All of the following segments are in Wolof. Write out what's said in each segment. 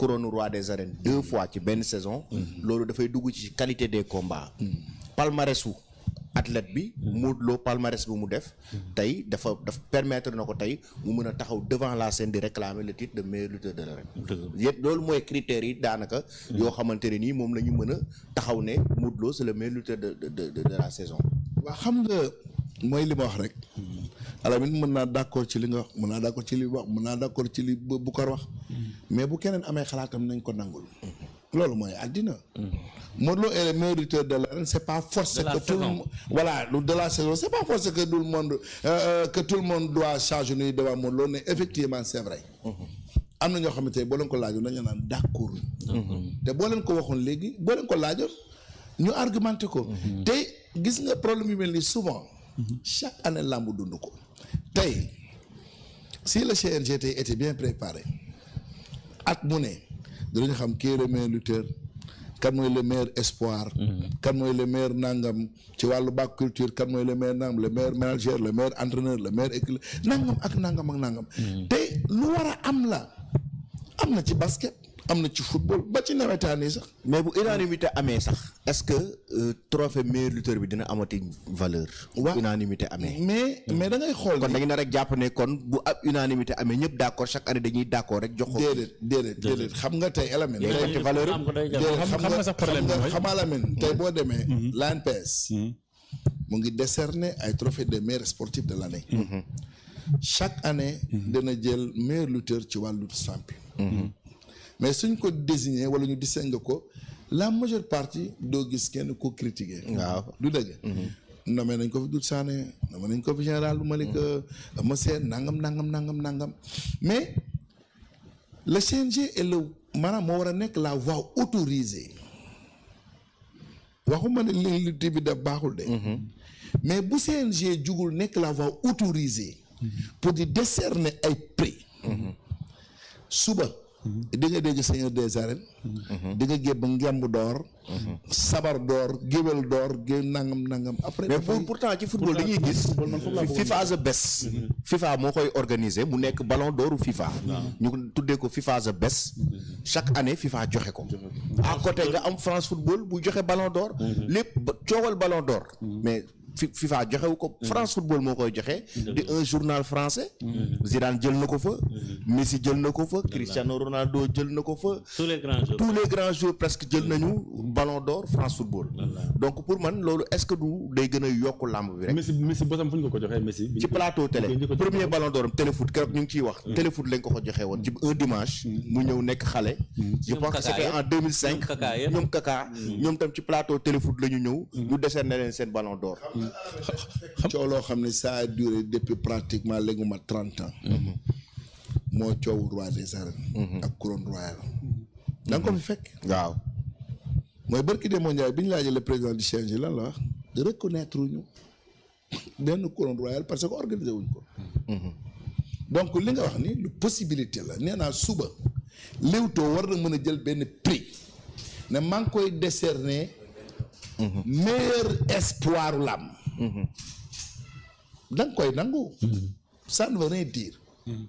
couronne roi des arènes deux fois ci benn saison. Mhm. loolu dafay dugg ci qualité des combats. Mhm. palmarèsu athlète bi. Modou Lo palmarès bi mu def. Mhm. tey dafa dafa permettre na ko tey mu mën a taxaw devant la scène di réclamer le titre de meilleur lutteur de l'arène. yépp loolu mooy critères yi daanaka. yoo xamante ne nii moom la ñu mën a taxaw ne Modou Lo c'est le meilleur lutteur de la saison. waa xam nga mooy li ma wax rek. alamit mën naa d'accord ci li nga wax mën naa d'accord ci li wax mën naa d'accord ci li Boucar wax. mais bu keneen amee xalaatam nañ ko nangul. Mhm. loolu mooy àddina. Mhm. Modou Lo est le meilleur de pas forcé que voilà de la saison c'est pas forcé que tout le monde euh, euh, que tout le monde doit s'agenouiller devant Modou Lo mais effectivement c'est vrai. Mhm. am na ñoo xamante ne boo leen ko laajoon dañu naan d'accord. te boo leen ko waxoon léegi boo leen ko laajoon ñu argumenté ko. te gis nga problème yu mel ni souvent. chaque année làmb dund ko. tey si le CNG était bien préparé. at mu ne dinañu xam qui est le meilleur lutteur kan mooy le meilleur espoir mm-hmm. kan mooy le maire nangam ci wàllu bac culture kan mooy le meilleur nangam le meilleur manager le meilleur entraîneur le meilleur équipe nangam ak nangam ak nangam mm-hmm. te lu war a am la am na ci basket am na ci football ba ci nawetaani sax. mais bu unanimité amee sax est-ce que euh, trophée meilleur lutteur bi dina amati valeur. waaw unanimité amee. mais mais da ngay xool kon da jàpp ne kon bu ab unanimité amee ñëpp d'accord chaque année dañuy d'accord rek. jox ko déedéet déedéet déedéet xam nga tey Alamine. tey valeur xam nga sax problème xam nga xam nga Alamine tey boo demee. Mm-hmm. Mm-hmm. l'ANPS. mu ngi décerner ay trophée de meilleurs sportifs de l'année. Mm-hmm. chaque année. dana jël meilleur lutteur ci wàllu simple. mais suñ ko désigner wala ñu distinguer ko la majeure partie doo gis kenn ko critiquer waaw du dëgg mhm. nommé nañ ko fi Doudou Sané nommé nañ ko fi général bu Malick monsieur nangam nangam nangam nangam mais le CNG est le maanaam moo war a nekk la voie autorisée waxuma ne li lutte bi daf baaxul de mhm. mais bu CNG jugul nekk la voie autorisée mhm. pour di décerner ay prix suba Mm-hmm. di nga dégg seigneur des arènes mm-hmm. di nga gébb door mm-hmm. sabar door géwél door gé nangam nangam après mais pour pourtant ci football dañuy gis FIFA the best FIFA moo koy organiser mu nekk ballon d'oru FIFA ñu tuddee ko FIFA the best chaque année FIFA joxe ko à côté nga am France football bu joxe ballon d'or lépp coowal ballon d'or mais FIFA joxewu ko mm-hmm. France football moo koy joxe mm-hmm. di un journal français mm-hmm. Zidane jël na ko fa Messi jël na ko fa Cristiano Ronaldo jël na ko fa tous les grands joueurs tous les grands joueurs presque jël nañu ballon d'or France football donc pour man loolu est-ce que du day gën a yokk làmb bi rek Messi Messi ko ko joxee Messi ci plateau télé premier ballon d'or am téléfoot keroog ñu ngi ciy wax téléfoot lañ ko ko joxee woon ci un dimanche mu ñëw nekk xale je pense que c'était en ñoom kaka ñoom tam ci plateau téléfoot la ñu ñëw ñu décerné leen seen ballon d'or coow loo xam ne ça a duré depuis pratiquement léegi ma trente an mhm. moo coow roi des mhm. ak couronne royale mhm. da ko fi fekk waaw mooy barki de mondial bi ñu laajee le président du CNG lan la wax de reconnaître ñu benn couronne royale parce que organisé wuñ ko donc li nga wax ni lu possibilité la nee naa suba Leewtoo war na mën a jël benn prix ne maa ngi koy décerner meilleur espoiru làmb Mm-hmm. danga koy nangu. Mm-hmm. ça ne veut mm-hmm.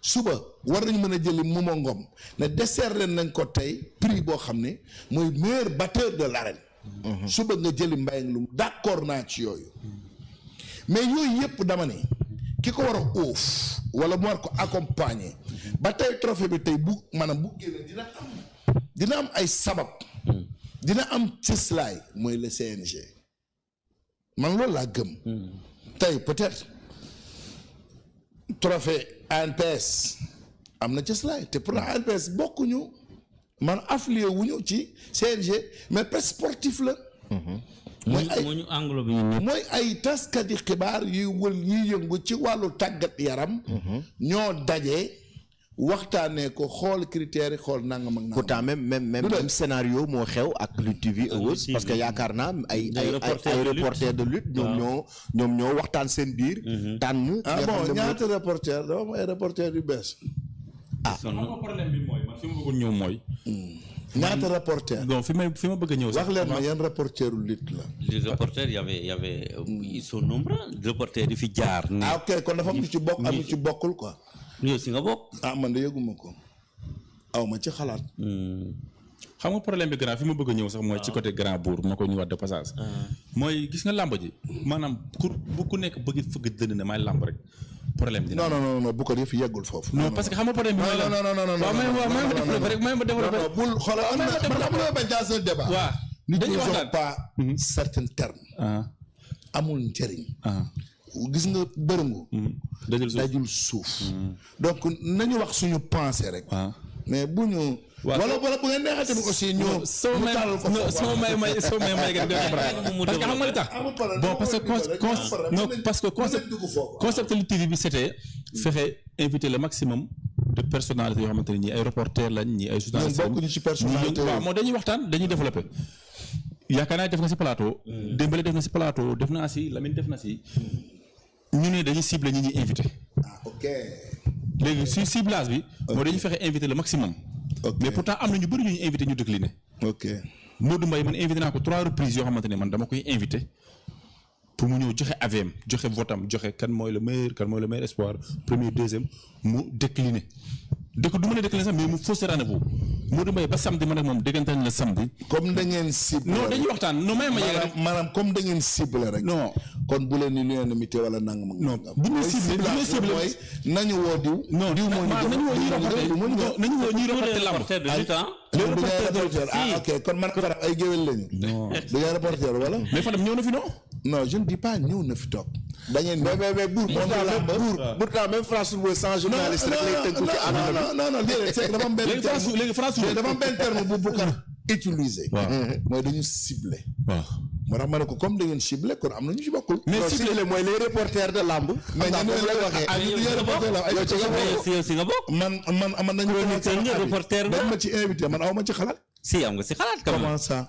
suba war nañ mën a jëli Momo Ngom ne décerné nañ ko tey prix boo xam ne mooy meilleur batteur de l'arène. suba nga jëli Mbaye Ngom d'accord naa ci yooyu. mais yooyu yëpp dama ne ki ko war a oof wala mu war ko accompagner ba tey trophée bi tey bu maanaam bu génne dina am ay sabab. dina am cëslaay mooy le CNG. man loolu laa gëm. tey peut-être trophée ANPS am na cëslaay te pourtant mm. ANPS bokkuñu man affilié wuñu ci CNG mais presse sportif la. Mm-hmm. mooy ay mooy englobe ñu mooy ay taskati xibaar yuy wël yuy yëngu ci wàllu tàggat yaram. Mm-hmm. ñoo daje. waxtaanee ko xool critère yi xool nangam ak nangam. pourtant même même même même scénario moo xew ak Lutte TV ah, Awards parce que yaakaar naa ay de lutte ñoom ñoo ñoom ñoo waxtaan seen biir. Mhm. tànn ah bon ñaata reporter dafa am ay reporter yu bees. ah problème bi mooy man fi ma bëggoon ñëw hmm. fi may fi ma bëgg a ñëw sax. wax yan reporteru lutte la. les reporters y avait y avait euh, hmm. ils sont nombreux fi jaar. ah ok kon dafa am ci bokk am lu ci bokkul quoi. yow si nga bokk. ah man de yëguma ko aw ma ci xalaat. Hmm. xam nga problème bi grand fi ma bëgg a ñëw sax mooy ci côté grand bour ma ko ñëwaat de passage. Ah. mooy gis nga làmb ji. maanaam ku bu ku nekk bëgg fëgg dënd ne làmb rek. problème bi non non non bu ko def yeggul foofu. non parce que xam nga problème bi. non non non non non waaw may ma développé rek may ma développé. non bul xoolal hmm. ah. amul njëriñ. Ah. gis nga bërëngu hmm. dajul suuf hmm. donc nañu wax suñu pensée rek ah. mais bu ñu wala wala bu ngeen neexee tamit aussi ñoo soo may soo may may soo may may parce que xam nga li tax bon parce que non parce que concept concept li TV bi c'était fexe inviter le xamante ne ñi ay reporter lañ ñi ay moo dañuy waxtaan dañuy développer yaakaar naa def nga si plateau hmm. Dembélé def na si plateau def naa si Lamine def na si ñu ne dañuy cibler ñi ñu invité. ah ok. léegi si ciblage bi. ok moo dañuy fexe invité la maximum. ok mais pourtant am na ñu bëri ñu invité ñu décliné. ok Modou Mbaye man invité naa ko trois reprises yoo xamante ne man dama koy invité pour mu ñëw joxe AVM joxe votam joxe kan mooy le meilleur kan mooy le meilleur espoir premier deuxième mu décliné. donc du ma ne déclaré sax mais mu faussé rendez-vous Modou Mbaye ba samedi man ak moom déggantaan la samedi. comme da ngeen ciblé dañuy waxtaan non may ma comme da ngeen ciblé rek. non kon bu leen ni l'unanimité wala nangam. non bu ñu ciblé nañu woo diw. non diw moo ñu woo ñuy reporté lamb le reporter de ah ok kon ma faram ay géwél lañu. non du yaay reporter wala. mais ñëw na fi non. non je ne dis pas ñëw na fi toog. da ngeen mais mais mais buur pourtant même France mooy sans journaliste rek lay tënku ci àdduna bi non non non léegi dafa am benn terme léegi France dafa am benn terme bu Boucar utilisé. mooy dañu ciblé. waaw moo tax ma ne ko comme da ngeen ciblé kon am na ñu ci bokkul. mais ciblé mooy les reporters de lamb. mais ñu ne la waxee ay ñu reporter la yow ci nga bokk man man man nañu. reporter la dañ ma ci invité man aw ma ci xalaat. si am nga si xalaat. comment ça.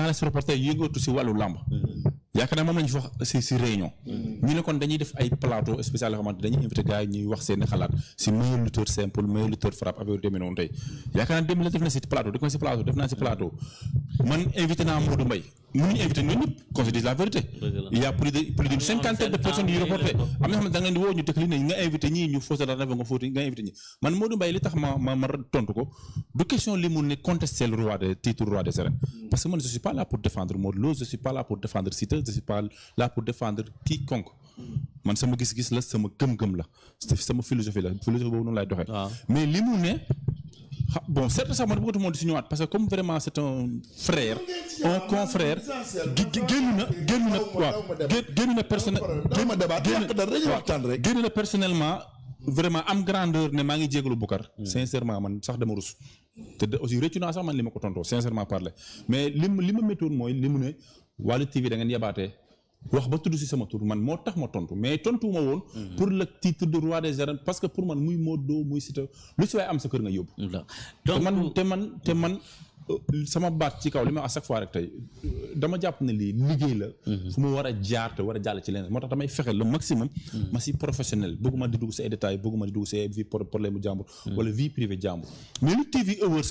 journaliste reporter yëngatu si wàllu làmb mm-hmm. yaakaar naa moom lañu fi wax si réunion mm-hmm. ñu ne kon dañuy def ay plateau spécial xamante dañuy invité gars yi ñuy wax seeni xalaat si meilleur lutteur simple meilleur lutteur frappe affaire demee noonu tey yaakaar naa démb la def na si plateau def naa si plateau man invité naa Modou Mbaye mënuñu invité ñun ñëpp qu'on se dise la vérité. il y a plus de plus d'une cinquantaine de personnes yu reporté am na xam ne da ngeen woo ñu décliné nga invité ñii ñu fausse rendez-vous nga fóoti nga invité ñi man Modou Mbaye li tax ma tontu ko du question li ne contester roi des titre roi des arènes. Mm. parce que man je mm. sama gis-gis la sama gëm-gëm la sama philosophie la philosophie boobu noonu laay doxee. Ah. mais li ne bon certes sax man bëggatuma woon di si ñëwaat parce que comme vraiment c'est un frère un confrère génn na génn na waaw génn na personnel génn na personnellement vraiment am grandeur ne maa ngi jégalu Boucar hmm. sincèrement man sax dama rus te aussi réccu naa sax man li ma ko tontoo sincèrement parler mais li li ma mooy li mu ne wàllu TV da ngeen yabaatee wax ba tudd si sama tur man moo tax ma tontu mais tontu ma woon. Mhm. pour le titre de roi des arènes parce que pour man muy Modou muy Siteu lu si waay am sa kër nga yóbbu. donc man euh, te man te man euh, sama baat ci kaw li ma à chaque fois rek tey euh, dama jàpp ne lii liggéey la. Mhm. fu ma war a jaar te war a jàll ci leneen moo tax damay fexe le maximum. Mhm. ma si professionnel bëgguma di dugg si ay détails bëgguma di dugg si ay vie problème mu jàmbur. wala vie privée jàmbur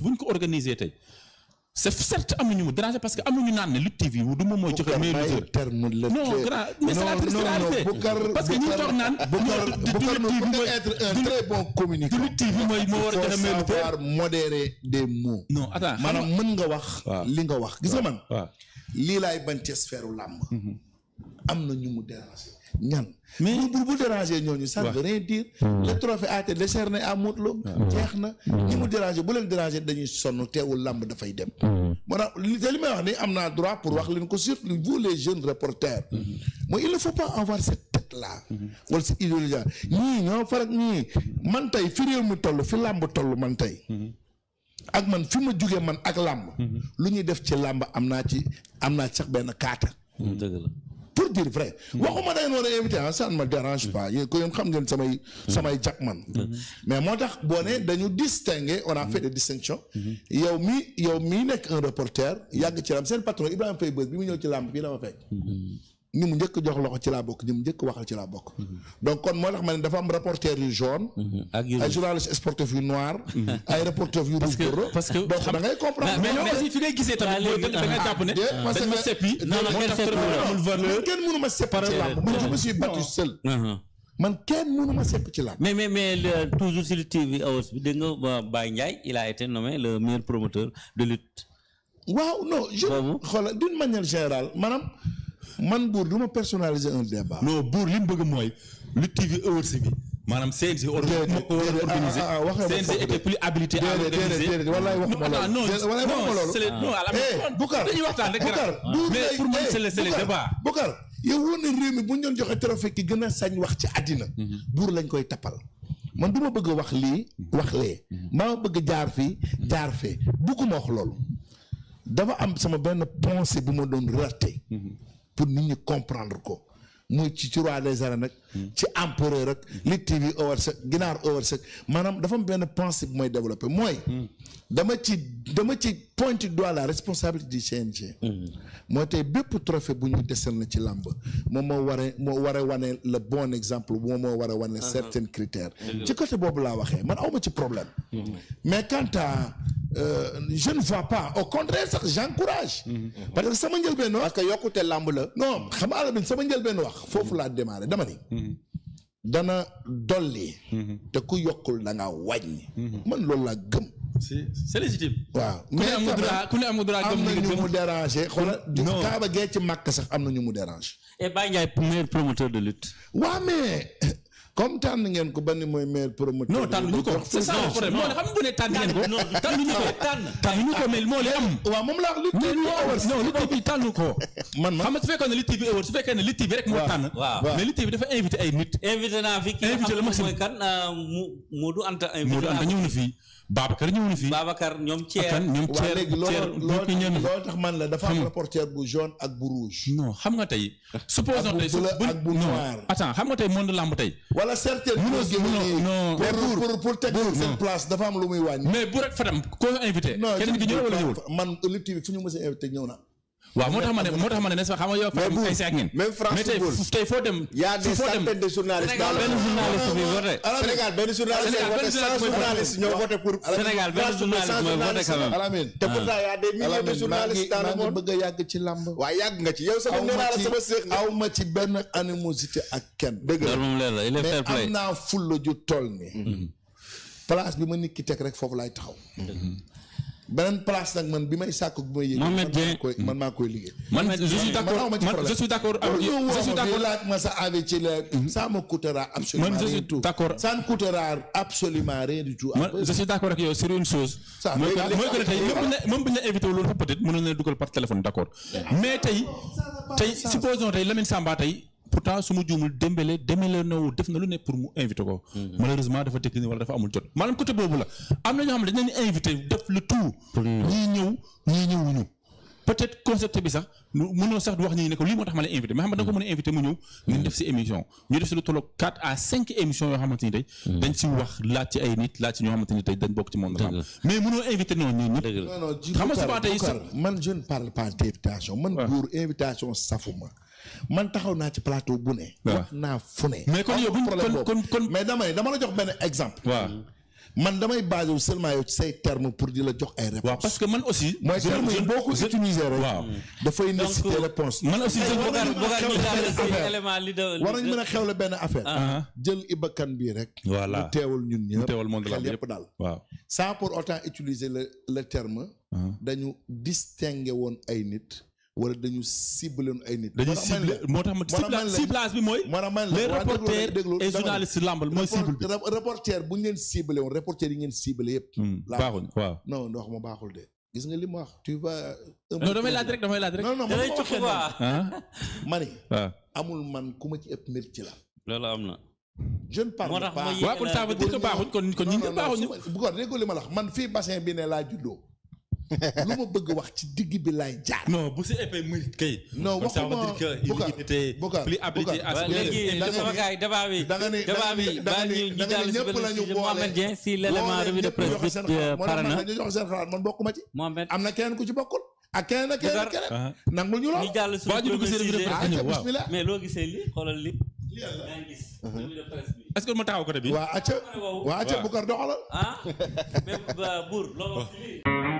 bu ñu ko organisé tey. c'est certes am na ñu mu déranger parce que am na ñu naan ne Lutte TV du moom moo joxe meilleur lutteur non grand mais c'est que ñi toog naan du très TV mooy moo war a joxe meilleur lutteur des mots non attends maanaam mën nga wax li nga wax gis nga man lii laay bañ ci sphère làmb mhm. am na ñu mu déranger ñan. mais bu bu déranger ñooñu. ça ne veut rien dire. le trophée a été décerné à Modou na ñi mu déranger bu leen déranger dañuy sonn teewul làmb dafay dem. moo tax li am naa droit pour wax leen ko surtout vous les jeunes reporters. Mm-hmm. mooy il ne faut pas avoir cette tête là. Mm-hmm. wala cette idéologie là ñii ñoo farak ñii man tey fi réew mi toll fi làmb toll man tey. Mm-hmm. ak man fi ma jugee man ak làmb. lu ñuy def ci làmb am naa ci am naa sax benn kaata. pour dire vrai. waxuma da ngeen war a invité ah ça ne me dérange pas yéen ko yéen xam ngeen samay. samay man. mais moo tax boo ne dañu distinguer on a fait des distinctions. yow mi yow mii nekk un reporter yàgg ci lam seen patron Ibrahima Faye Beuz bi mu ñëw ci làmb fii la ma fekk. ñu mu njëkk jox loxo ci laa bokk ñu mu njëkk waxal ci laa bokk. Mm-hmm. donc kon moo tax ma ne dafa am reporter yu jaune. Mm-hmm. ak yu ay journaliste sportif yu noir. Mm-hmm. ay reporter yu rouge bordeaux. parce que donc da ngay comprendre. mais mais aussi fi ngay gisee tamit. mooy da nga ah, jàpp ne dañ ma seppi. non non kenn mënu ma seppi ci làmb man je me suis battu seul. Uh-huh. man kenn mënu ma sepp ci làmb. mais mais mais le, toujours sur le TV Awards bi dégg nga Baye Ndiaye il a été nommé le meilleur promoteur de lutte. waaw non je. xoolal d'une manière générale maanaam. man buur du ma personnaliser un débat. buur li mu bëgg mooy lu TV awards bi maanaam CNG. déedéet déedéet ah ah CNG était plus habilité à organiser déedéet walaay waxuma loolu. non non eh, Boucar mais pour man eh, c'est le mi bu ñu doon joxe trophée ki gën a sañ wax ci àddina. Mhm. buur lañ koy tappal. man du ma bëgg a wax lii wax lee mhm. maa bëgg jaar fi mhm. jaar fee bëgguma wax loolu dafa am sama benn pensée bu ma doon raté pour nit ñi comprendre ko muy ci ci roi des arènes rek ci empereur rek li TV over sec ginaar over sec maanaam dafa am benn principe mooy développé mooy dama ci dama ci pointe du doigt la responsabilité du CNG tey bépp trophée bu ñu desal na ci làmb moom moo waree moo war a wane le bon exemple moom moo war a wane certains critères ci côté boobu laa waxee man awma ci problème mhm. mais quant Euh, je ne vois pas au contraire sax j'encourage mm parce que sama njëlbeen wax. parce que yokkute làmb la. non xam nga sama njëlbeen wax. foofu laa démarré dama ni. Mhm. dana dolli. Mhm. te ku yokkul da ngaa wàññi. Mhm. man loolu laa gëm. ku ne am nga droit ku ne am nga na ñu mu déranger. xoolal du kaaba gee ci màkk sax am na ñu mu déranger. et Baye Ndiaye promoteur de lutte. waaw mais. comme tànn ngeen ko ba ni mooy maire promoteur. non tànnuñu ko c'est ça le problème xam nga bu ne tànn ngeen ko. tànnuñu ko tànnuñu ko mais moo lay am. Ah, waaw moom la wax Lutte TV Awards. non Lutte TV tànnu ko. man man xam nga su fekkoon ne Lutte TV Awards su fekkee ne Lutte TV rek moo tànn. waaw mais Lutte TV dafa invité ay nit. invité naa fi kii nga xam mooy kan euh, Modou Anta. Modou Anta ñëw na fii. Babacar ñëw na fii Babacar ñoom Thier ñoom Thier Thier loolu tax man la dafa am rapporteur bu jaune ak bu rouge. non xam nga tey. supposons tey ak bu bleu ak bu noir. attends xam nga tey monde lamb tey. wala certaines. non pour pour pour teg seen place dafa am lu muy wàññi. mais bu rek Fadam koo invité. non keneen ki ñëw wala ñëwul man Lutte TV fu ñu mës a invité ñëw na. waaw moo tax ma ne moo tax ma ne n'est-ce pas xam tey foo dem. y a des centaines de journalistes. benn journaliste bi voté. Sénégal ah. a des milliers bëgg a yàgg ci làmb. waaw yàgg nga ci yow sama nee naa la ma ci benn animosité ak kenn. dëgg la am naa fulla ju toll nii. Mm-hmm. place bi ma nit ki teg rek foofu laay taxaw. Mm-hmm. beneen place nag man bi may man maa koy man je suis man je suis d' ma sa avec ci la. Mhm. ça me coûtera absolument man je suis d' accord ça ne coûtera absolument rien du tout. man je suis d' accord ak yow sur une chose. ça mooy que mooy que tey même bu ñu même bu ñu invité loolu peut être mënoon na dugal par téléphone d' mais tey tey supposons tey Lamine Samba tey. pourtant su ma juumul Dembélé Dembélé nawu def na lu ne pour mu invité ko mhm. malheureusement dafa tekki ni wala dafa amul jot maanaam côté boobu la am na ñoo xam ne dañ leen invité def bi sax mënoo sax wax ko lii moo tax ma lay mu ñëw mhm. ngeen def si émission ñu def si lu tolloog quatre à cinq émissions yoo xamante ni tey mhm. dañ si wax laaj ci ay nit laaj ci ñoo xamante ni tey dañ bokk ci monde xam mais mënoo invité noonu ñun ñëpp xam nga souvent man je ne parle d'invitation man pour invitation safuma man taxaw naa ci plateau bu ne. wax naa fu ne. mais kon kon kon mais damay dama la jox benn exemple. waaw man damay basé wu seulement yow ci say termes pour di la jox ay réponses. parce que man aussi. mooy termes yi boo ko utiliser rek. waaw dafay nécessité euh, réponse man aussi jël war nañu mën a xewle benn affaire. Ah. Uh-huh. jël ibakan bii rek. voilà teewul ñun ñëpp. mu teewul monde la yëpp daal. waaw sans pour autant le terme. Uh-huh. dañu distinguer woon ay nit. wala dañu ciblé ay nit. dañu ciblé moo tax ma ciblage bi mooy. les reporters et journalistes lamb mooy cible bi. reporter bu ñu leen ciblé woon reporter yi ngeen ciblé yëpp. Hmm, baaxul waaw non ma baaxul de. gis nga li mu wax tu vas. non damay laaj rek damay laaj rek. non non ma ah. ah. amul man ku ma ci ëpp mbir ci la. loolu am na. je ne parle pas. moo tax ma yéene la waaw kon li ma wax man fii bassin bi ne laa juddoo. lu ma bëgg wax ci digg bi laay jaar. non bu si épée muy kay. non waxuma Boucar Boucar Boucar plus habilité à léegi sama gars yi débat bi débat bi ba ñu ñu am na keneen ku ci bokkul. ak keneen ak ah. keneen ak keneen. nangu ñu lool ñu jàll si premier sujet ah, mais loo gisee lii xoolal lii. Uh-huh. est-ce que ma bi. waa acca waa acca Boucar doxalal. ah euh,